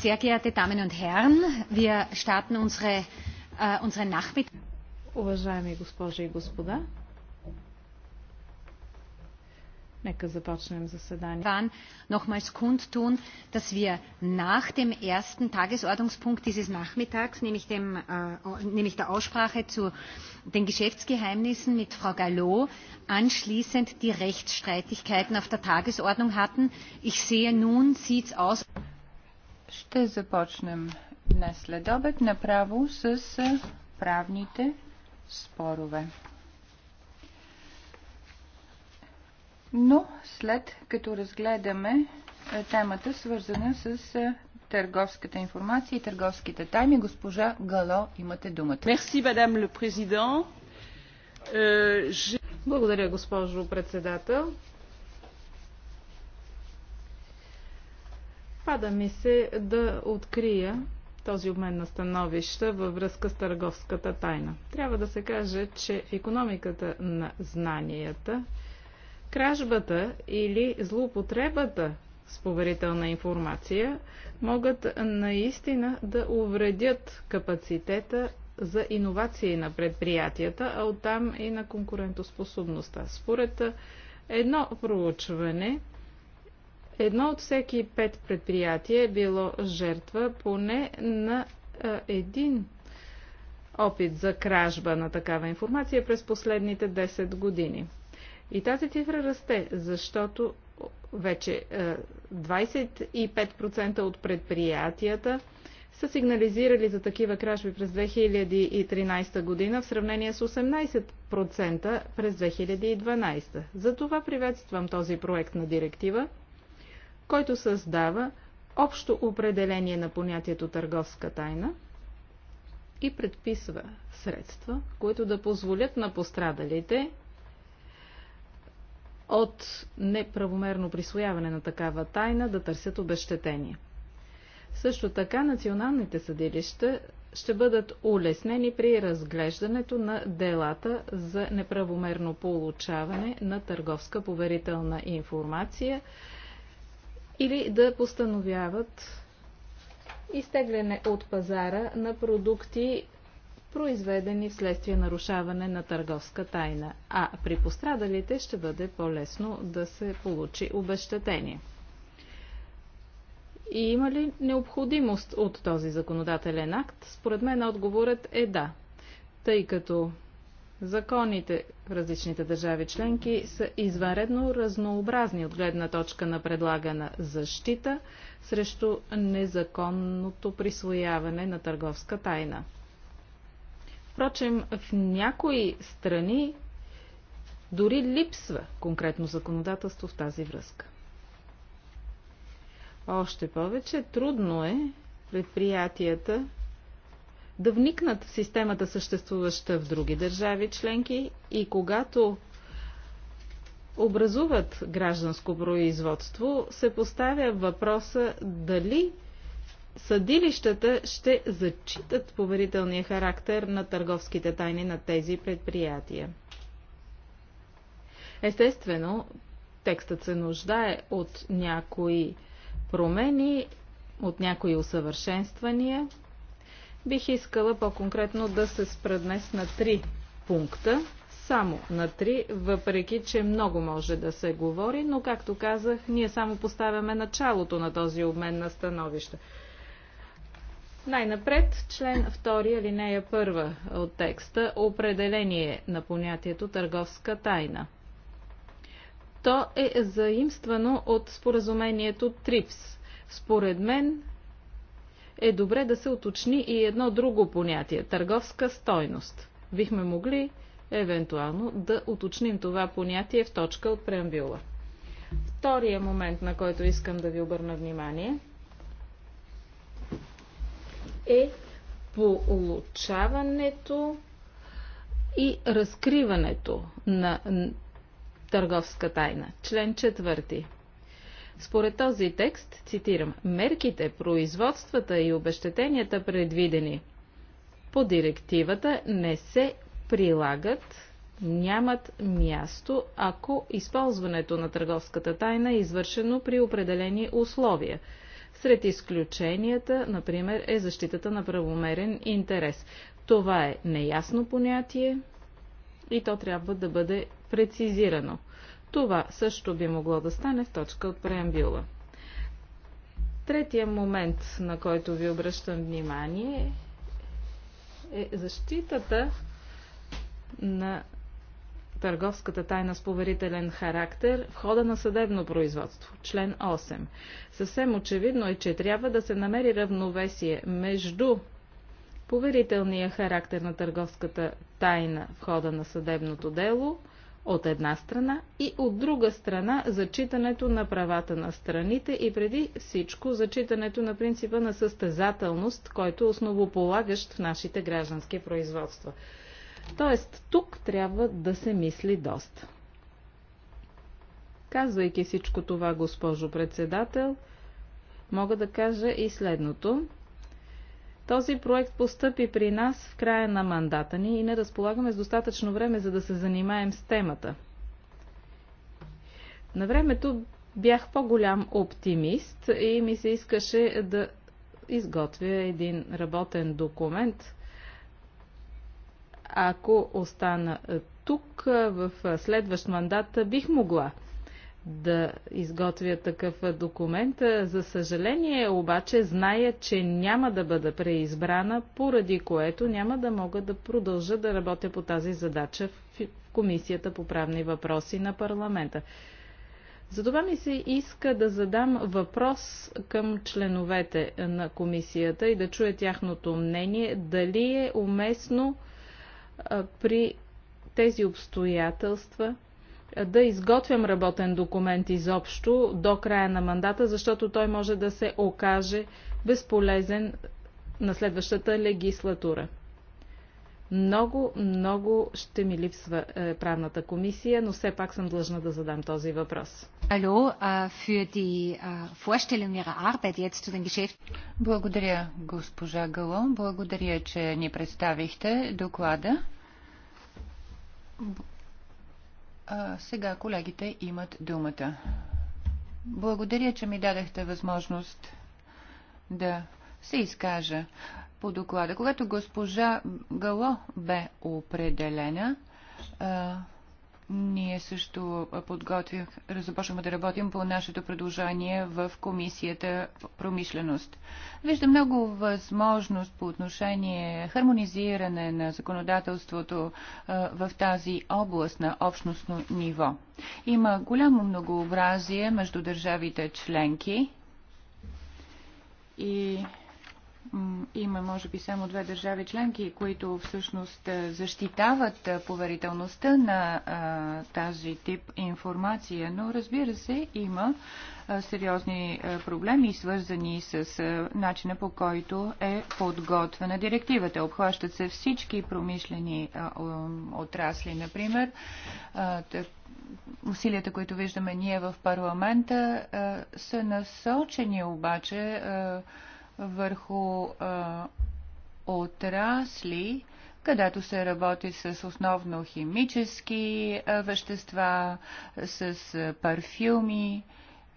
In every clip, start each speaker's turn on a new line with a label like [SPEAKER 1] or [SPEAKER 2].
[SPEAKER 1] Sehr geehrte Damen und Herren, wir starten unsere, äh, unseren Nachmittag. Уважаеми госпожи и господа, нека започнем заседание. Waren nochmals kund tun
[SPEAKER 2] dass wir nach dem ersten Tagesordnungspunkt dieses Nachmittags, nämlich, dem, äh, nämlich der Aussprache zu den Geschäftsgeheimnissen mit Frau Gallo, anschließend die Rechtsstreitigkeiten auf der Tagesordnung hatten. Ich sehe nun, sieht's aus. Ще започнем днес след обед направо с правните спорове. Но след като разгледаме темата, свързана с търговската информация и търговските тайми, госпожа Гало, имате
[SPEAKER 1] думата. Мерси, мадам ле президент. Благодаря, госпожо председател. Пада ми се да открия този обмен на становища във връзка с търговската тайна. Трябва да се каже, че в економиката на знанията кражбата или злоупотребата с поверителна информация могат наистина да увредят капацитета за иновации на предприятията, а оттам и на конкурентоспособността. Според едно проучване, Едно от всеки пет предприятия е било жертва поне на а, един опит за кражба на такава информация през последните 10 години. И тази цифра расте, защото вече 25% от предприятията са сигнализирали за такива кражби през 2013 година в сравнение с 18% през 2012. Затова приветствам този проект на директива който създава общо определение на понятието търговска тайна и предписва средства, които да позволят на пострадалите от неправомерно присвояване на такава тайна да търсят обещетение. Също така националните съдилища ще бъдат улеснени при разглеждането на делата за неправомерно получаване на търговска поверителна информация или да постановяват изтегляне от пазара на продукти, произведени вследствие нарушаване на търговска тайна, а при пострадалите ще бъде по-лесно да се получи обещетение. И има ли необходимост от този законодателен акт? Според мен отговорът е да, тъй като Законите в различните държави членки са извънредно разнообразни от гледна точка на предлагана защита срещу незаконното присвояване на търговска тайна. Впрочем, в някои страни дори липсва конкретно законодателство в тази връзка. Още повече трудно е предприятията да вникнат в системата съществуваща в други държави членки и когато образуват гражданско производство, се поставя въпроса дали съдилищата ще зачитат поверителния характер на търговските тайни на тези предприятия. Естествено, текстът се нуждае от някои промени, от някои усъвършенствания – Бих искала по-конкретно да се спра днес на три пункта, само на три, въпреки че много може да се говори, но както казах, ние само поставяме началото на този обмен на становища. Най-напред, член 2, алинея 1 от текста, определение на понятието търговска тайна. То е заимствано от споразумението ТРИПС. Според мен е добре да се уточни и едно друго понятие – търговска стойност. Бихме могли евентуално да уточним това понятие в точка от преамбюла. Втория момент, на който искам да ви обърна внимание, е получаването и разкриването на търговска тайна. Член четвърти. Според този текст, цитирам, мерките, производствата и обещетенията предвидени по директивата не се прилагат, нямат място, ако използването на търговската тайна е извършено при определени условия. Сред изключенията, например, е защитата на правомерен интерес. Това е неясно понятие и то трябва да бъде прецизирано. Това също би могло да стане в точка от преамбюла. Третия момент, на който ви обръщам внимание, е защитата на търговската тайна с поверителен характер в хода на съдебно производство. Член 8. Съвсем очевидно е, че трябва да се намери равновесие между поверителния характер на търговската тайна в хода на съдебното дело – от една страна и от друга страна зачитането на правата на страните и преди всичко зачитането на принципа на състезателност, който е основополагащ в нашите граждански производства. Тоест, тук трябва да се мисли доста. Казвайки всичко това, госпожо председател, мога да кажа и следното. Този проект постъпи при нас в края на мандата ни и не разполагаме с достатъчно време, за да се занимаем с темата. На времето бях по-голям оптимист и ми се искаше да изготвя един работен документ. Ако остана тук в следващ мандат, бих могла да изготвя такъв документ. За съжаление обаче зная, че няма да бъда преизбрана, поради което няма да мога да продължа да работя по тази задача в Комисията по правни въпроси на парламента. Затова ми се иска да задам въпрос към членовете на комисията и да чуя тяхното мнение дали е уместно при тези обстоятелства да изготвям работен документ изобщо до края на мандата, защото той може да се окаже безполезен на следващата легислатура. Много, много ще ми липсва е, правната комисия, но все пак съм длъжна да задам този въпрос.
[SPEAKER 2] Алло, für die Vorstellung Ihrer Arbeit jetzt zu den Geschäften. Благодаря, госпожа Гало. Благодаря, че ни представихте доклада. А, сега колегите имат думата. Благодаря, че ми дадахте възможност да се изкажа по доклада. Когато госпожа Гало бе определена, а, ние също подготвим, започваме да работим по нашето предложение в Комисията промишленост. Вижда много възможност по отношение хармонизиране на законодателството в тази област на общностно ниво. Има голямо многообразие между държавите членки и има може би само две държави членки, които всъщност е, защитават е, поверителността на а, е, тази тип информация, но разбира се има а, сериозни а, проблеми, свързани с начина по който е подготвена директивата. Обхващат се всички промишлени отрасли, например. Усилията, които виждаме ние в парламента, са насочени обаче върху а, отрасли, където се работи с основно химически а, вещества, с а, парфюми,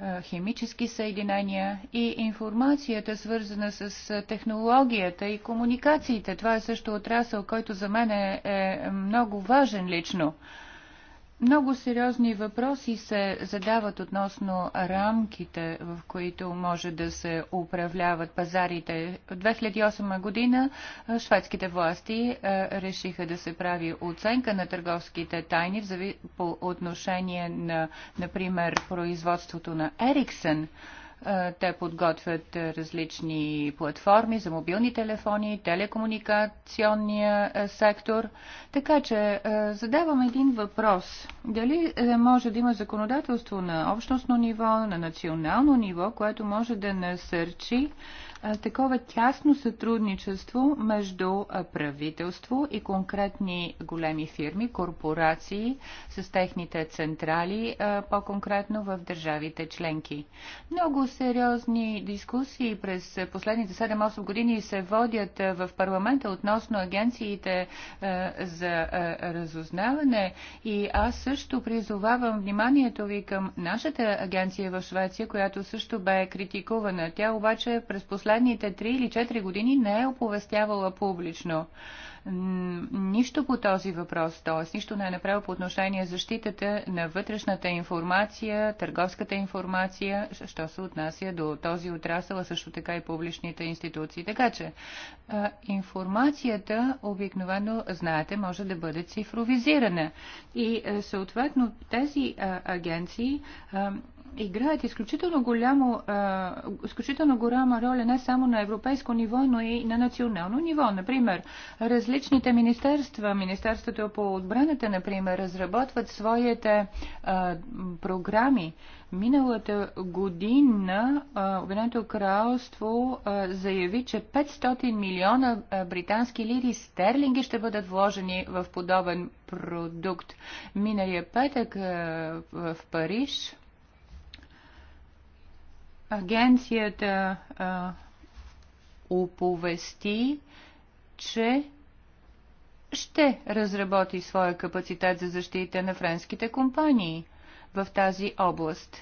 [SPEAKER 2] а, химически съединения и информацията свързана с технологията и комуникациите. Това е също отрасъл, който за мен е, е много важен лично. А, много сериозни въпроси се задават относно рамките, в които може да се управляват пазарите. В 2008 година шведските власти решиха да се прави оценка на търговските тайни по отношение на, например, производството на Ериксен – е, те подготвят е, различни платформи за мобилни телефони, телекомуникационния е, сектор. Така че задавам един въпрос. Дали може да има законодателство на общностно ниво, на национално ниво, което може да насърчи такова тясно сътрудничество между правителство и конкретни големи фирми, корпорации с техните централи, по-конкретно в държавите членки. Много сериозни дискусии през последните 7-8 години се водят в парламента относно агенциите за разузнаване и аз също призовавам вниманието ви към нашата агенция в Швеция, която също бе критикувана. Тя обаче през последните последните 3 или 4 години не е оповестявала публично нищо по този въпрос, т.е. нищо не е направил по отношение защитата на вътрешната информация, търговската информация, що се отнася до този отрасъл, а също така и публичните институции. Така че информацията обикновено, знаете, може да бъде цифровизирана. И е, съответно тези агенции играят изключително, голямо, а, изключително голяма роля не само на европейско ниво, но и на национално ниво. Например, различните министерства, Министерството по отбраната, например, разработват своите а, програми. Миналата година Обединеното кралство а, заяви, че 500 милиона британски лири стерлинги ще бъдат вложени в подобен продукт. Миналия петък а, в Париж агенцията а, оповести, че ще разработи своя капацитет за защита на френските компании в тази област.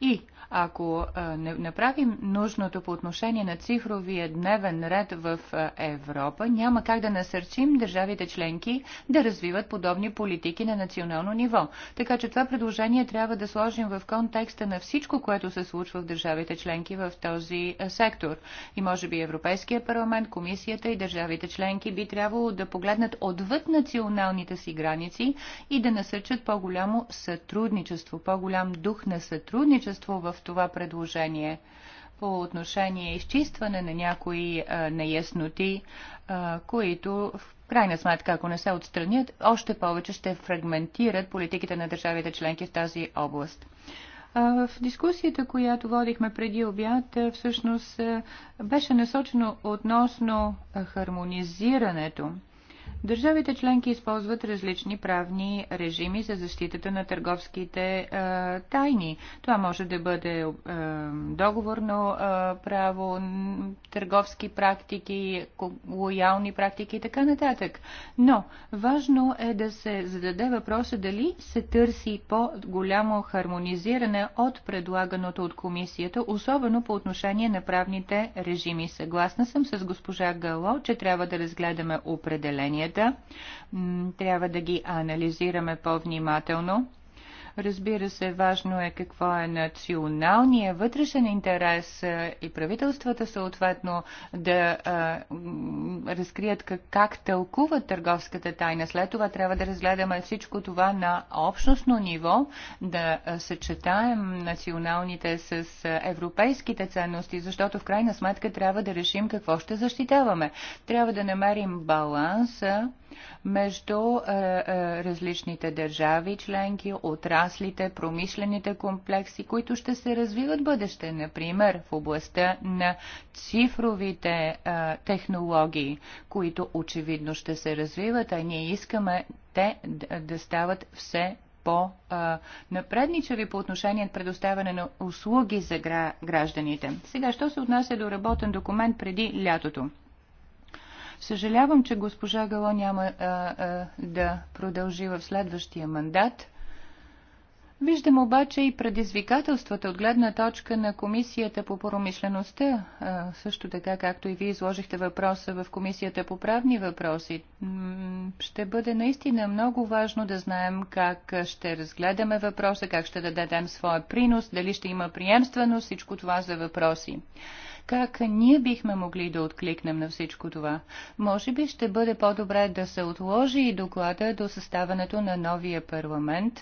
[SPEAKER 2] И ако не направим нужното по отношение на цифровия дневен ред в Европа, няма как да насърчим държавите членки да развиват подобни политики на национално ниво. Така че това предложение трябва да сложим в контекста на всичко, което се случва в държавите членки в този сектор. И може би Европейския парламент, комисията и държавите членки би трябвало да погледнат отвъд националните си граници и да насърчат по-голямо сътрудничество, по-голям дух на сътрудничество в това предложение по отношение изчистване на някои а, неясноти, а, които в крайна сметка, ако не се отстранят, още повече ще фрагментират политиките на държавите членки в тази област. В дискусията, която водихме преди обяд, всъщност беше насочено относно хармонизирането. Държавите членки използват различни правни режими за защитата на търговските е, тайни. Това може да бъде е, договорно е, право, търговски практики, лоялни практики и така нататък. Но важно е да се зададе въпроса дали се търси по-голямо хармонизиране от предлаганото от комисията, особено по отношение на правните режими. Съгласна съм с госпожа Гало, че трябва да разгледаме определението изискванията. Трябва да ги анализираме по-внимателно Разбира се, важно е какво е националния вътрешен интерес и правителствата съответно да а, разкрият как, как тълкуват търговската тайна. След това трябва да разгледаме всичко това на общностно ниво, да съчетаем националните с европейските ценности, защото в крайна сметка трябва да решим какво ще защитаваме. Трябва да намерим баланса между е, е, различните държави, членки, отраслите, промишлените комплекси, които ще се развиват бъдеще, например в областта на цифровите е, технологии, които очевидно ще се развиват, а ние искаме те да стават все по-напредничави по отношение на предоставяне на услуги за гражданите. Сега, що се отнася до работен документ преди лятото? Съжалявам, че госпожа Гало няма а, а, да продължи в следващия мандат. Виждам обаче и предизвикателствата от гледна точка на Комисията по промишлеността, а, също така както и вие изложихте въпроса в Комисията по правни въпроси. Ще бъде наистина много важно да знаем как ще разгледаме въпроса, как ще дадем своя принос, дали ще има приемственост, всичко това за въпроси. Как ние бихме могли да откликнем на всичко това? Може би ще бъде по-добре да се отложи и доклада до съставането на новия парламент,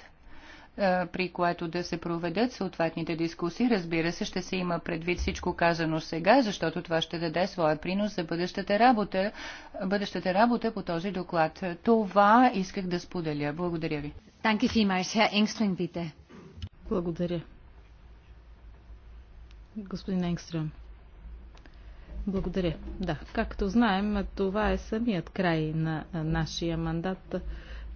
[SPEAKER 2] е, при което да се проведат съответните дискусии. Разбира се, ще се има предвид всичко казано сега, защото това ще даде своя принос за бъдещата работа, бъдещата работа по този доклад. Това исках да споделя. Благодаря ви.
[SPEAKER 1] Благодаря. Господин Енгстрем. Благодаря. Да, както знаем, това е самият край на нашия мандат.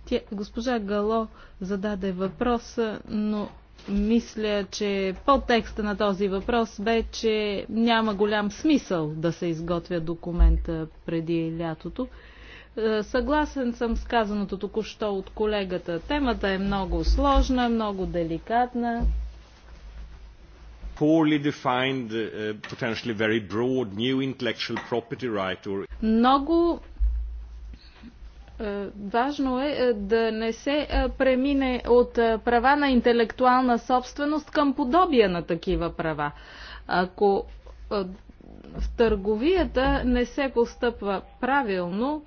[SPEAKER 1] Тя, госпожа Гало зададе въпрос, но мисля, че по-текста на този въпрос бе, че няма голям смисъл да се изготвя документа преди лятото. Съгласен съм с казаното току-що от колегата. Темата е много сложна, много деликатна
[SPEAKER 2] poorly defined, uh, potentially very broad new intellectual property right or...
[SPEAKER 1] Много е, Важно е, е да не се е, премине от права на интелектуална собственост към подобия на такива права. Ако в търговията не се постъпва правилно,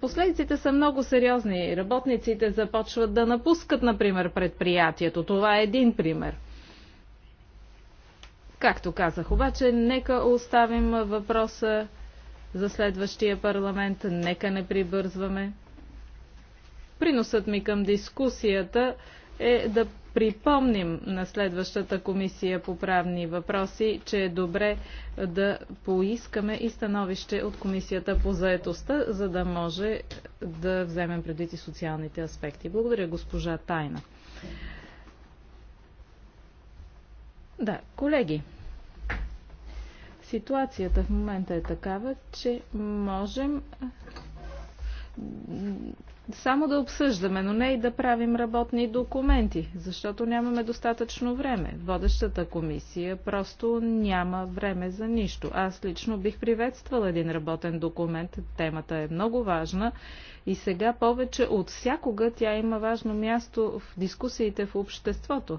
[SPEAKER 1] Последиците са много сериозни. Работниците започват да напускат, например, предприятието. Това е един пример. Както казах, обаче, нека оставим въпроса за следващия парламент, нека не прибързваме. Приносът ми към дискусията е да припомним на следващата комисия по правни въпроси, че е добре да поискаме и становище от комисията по заетостта, за да може да вземем предвид и социалните аспекти. Благодаря, госпожа Тайна. Да, колеги, ситуацията в момента е такава, че можем само да обсъждаме, но не и да правим работни документи, защото нямаме достатъчно време. Водещата комисия просто няма време за нищо. Аз лично бих приветствала един работен документ. Темата е много важна и сега повече от всякога тя има важно място в дискусиите в обществото.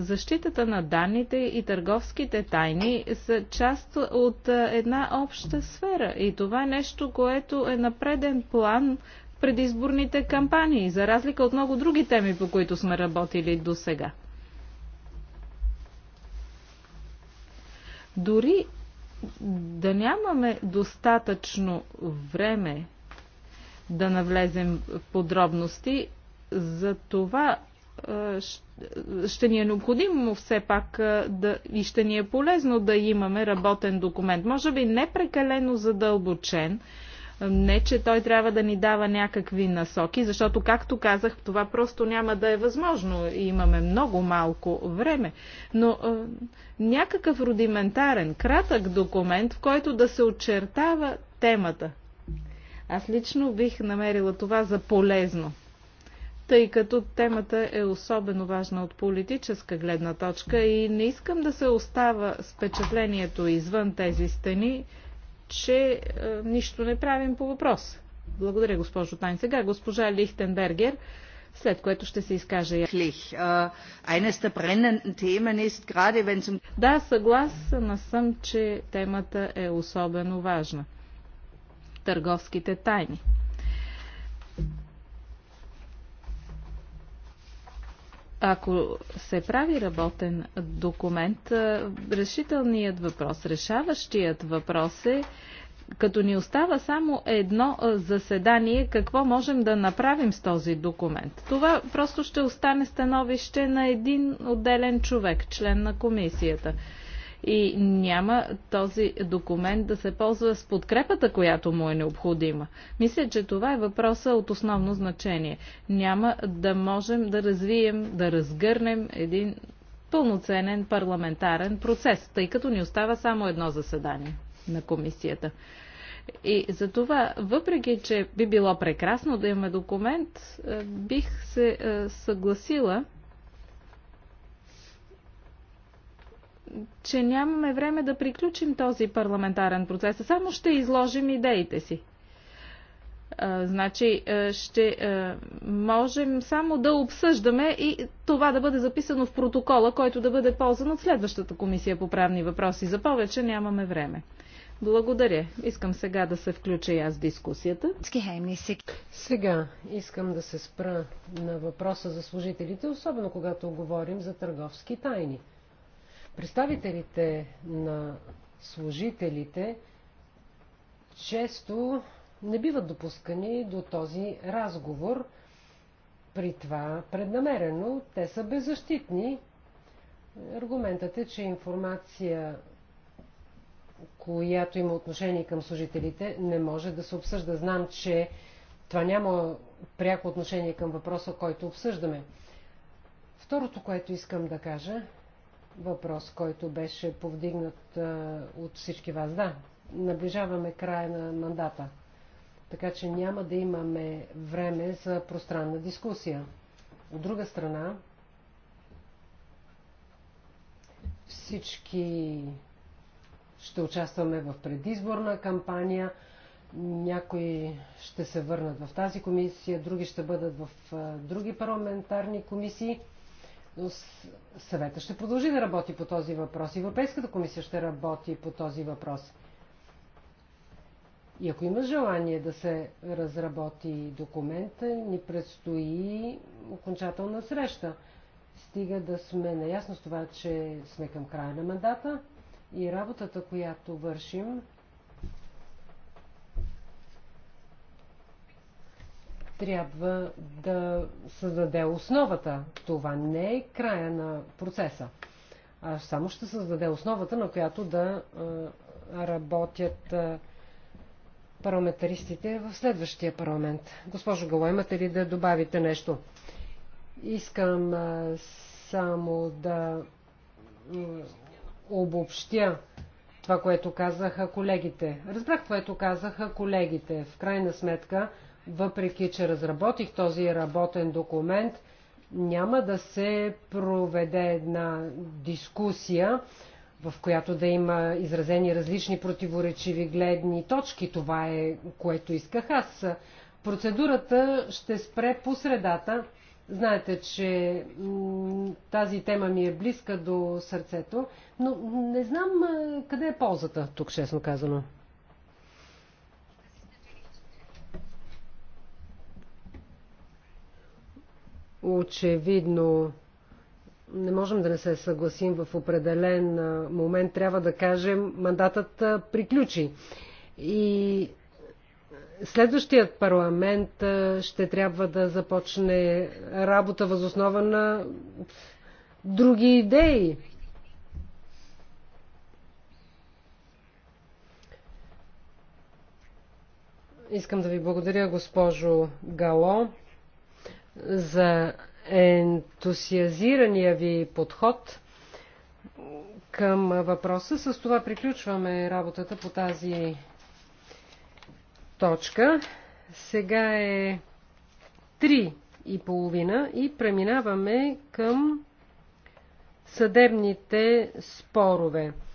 [SPEAKER 1] Защитата на данните и търговските тайни са част от една обща сфера и това е нещо, което е на преден план предизборните кампании, за разлика от много други теми, по които сме работили до сега. Дори да нямаме достатъчно време да навлезем в подробности за това е, ще ни е необходимо все пак е, да, и ще ни е полезно да имаме работен документ. Може би не прекалено задълбочен, не, че той трябва да ни дава някакви насоки, защото, както казах, това просто няма да е възможно. Имаме много малко време. Но е, някакъв рудиментарен, кратък документ, в който да се очертава темата. Аз лично бих намерила това за полезно тъй като темата е особено важна от политическа гледна точка и не искам да се остава с впечатлението извън тези стени, че е, нищо не правим по въпрос. Благодаря, госпожо Тайн. Сега госпожа Лихтенбергер, след което ще се изкаже. я. Е, да, съгласна съм, че темата е особено важна. Търговските тайни. ако се прави работен документ, решителният въпрос, решаващият въпрос е, като ни остава само едно заседание, какво можем да направим с този документ. Това просто ще остане становище на един отделен човек, член на комисията и няма този документ да се ползва с подкрепата, която му е необходима. Мисля, че това е въпроса от основно значение. Няма да можем да развием, да разгърнем един пълноценен парламентарен процес, тъй като ни остава само едно заседание на комисията. И за това, въпреки, че би било прекрасно да имаме документ, е, бих се е, съгласила че нямаме време да приключим този парламентарен процес, а само ще изложим идеите си. А, значи ще а, можем само да обсъждаме и това да бъде записано в протокола, който да бъде ползван от следващата комисия по правни въпроси. За повече нямаме време. Благодаря. Искам сега да се включа и аз в дискусията. Сега
[SPEAKER 3] искам да се спра на въпроса
[SPEAKER 1] за служителите,
[SPEAKER 3] особено когато говорим за търговски тайни. Представителите на служителите често не биват допускани до този разговор, при това преднамерено те са беззащитни. Аргументът е, че информация, която има отношение към служителите, не може да се обсъжда. Знам, че това няма пряко отношение към въпроса, който обсъждаме. Второто, което искам да кажа, въпрос, който беше повдигнат от всички вас. Да, наближаваме края на мандата, така че няма да имаме време за пространна дискусия. От друга страна, всички ще участваме в предизборна кампания, някои ще се върнат в тази комисия, други ще бъдат в други парламентарни комисии. Съвета ще продължи да работи по този въпрос. Европейската комисия ще работи по този въпрос. И ако има желание да се разработи документа, ни предстои окончателна среща. Стига да сме наясно с това, че сме към края на мандата и работата, която вършим, трябва да създаде основата. Това не е края на процеса. А само ще създаде основата, на която да работят парламентаристите в следващия парламент. Госпожо Гало, имате ли да добавите нещо? Искам само да обобщя това, което казаха колегите. Разбрах, което казаха колегите. В крайна сметка, въпреки че разработих този работен документ, няма да се проведе една дискусия, в която да има изразени различни противоречиви гледни точки. Това е което исках аз. Процедурата ще спре по средата. Знаете, че тази тема ми е близка до сърцето, но не знам къде е ползата тук, честно казано. Очевидно, не можем да не се съгласим в определен момент. Трябва да кажем, мандатът приключи. И следващият парламент ще трябва да започне работа възоснова на други идеи. Искам да ви благодаря, госпожо Гало за ентусиазирания ви подход към въпроса. С това приключваме работата по тази точка. Сега е 3 и половина и преминаваме към съдебните спорове.